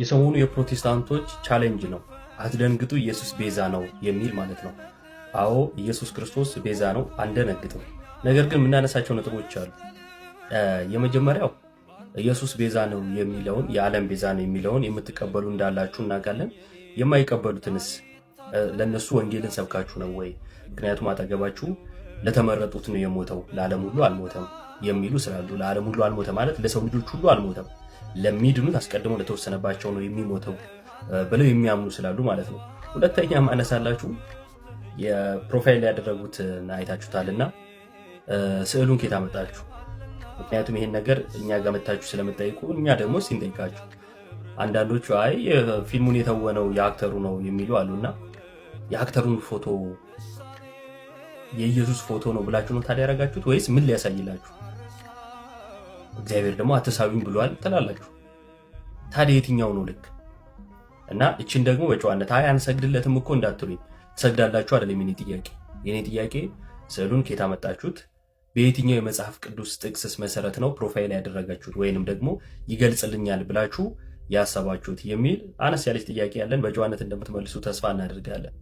የሰሞኑ የፕሮቴስታንቶች ቻሌንጅ ነው። አትደንግጡ፣ ኢየሱስ ቤዛ ነው የሚል ማለት ነው። አዎ ኢየሱስ ክርስቶስ ቤዛ ነው፣ አንደነግጥም። ነገር ግን የምናነሳቸው ነጥቦች አሉ። የመጀመሪያው ኢየሱስ ቤዛ ነው የሚለውን የዓለም ቤዛ ነው የሚለውን የምትቀበሉ እንዳላችሁ እናውቃለን። የማይቀበሉትንስ ለእነሱ ወንጌልን ሰብካችሁ ነው ወይ? ምክንያቱም አጠገባችሁ ለተመረጡት ነው የሞተው፣ ለዓለም ሁሉ አልሞተም የሚሉ ስላሉ ለዓለም ሁሉ አልሞተ ማለት ለሰው ልጆች ሁሉ አልሞተም፣ ለሚድኑት አስቀድሞ ለተወሰነባቸው ነው የሚሞተው ብለው የሚያምኑ ስላሉ ማለት ነው። ሁለተኛ ማነሳላችሁ የፕሮፋይል ያደረጉት አይታችሁታልና ስዕሉን ኬት አመጣችሁ? ምክንያቱም ይሄን ነገር እኛ ጋር መታችሁ ስለምጠይቁ እኛ ደግሞ ሲንጠይቃችሁ አንዳንዶቹ አይ ፊልሙን የተወነው የአክተሩ ነው የሚሉ አሉና የአክተሩን ፎቶ የኢየሱስ ፎቶ ነው ብላችሁ ነው ታዲያ ያረጋችሁት ወይስ ምን ሊያሳይላችሁ? እግዚአብሔር ደግሞ አትሳቢም ብሏል ትላላችሁ። ታዲያ የትኛው ነው ልክ? እና እችን ደግሞ በጨዋነት አይ አንሰግድለትም እኮ እንዳትሉኝ። ትሰግዳላችሁ አይደለም የኔ ጥያቄ። የኔ ጥያቄ ስዕሉን ኬታ መጣችሁት? በየትኛው የመጽሐፍ ቅዱስ ጥቅስስ መሰረት ነው ፕሮፋይል ያደረጋችሁት? ወይንም ደግሞ ይገልጽልኛል ብላችሁ ያሰባችሁት የሚል አነስ ያለች ጥያቄ ያለን በጨዋነት እንደምትመልሱ ተስፋ እናደርጋለን።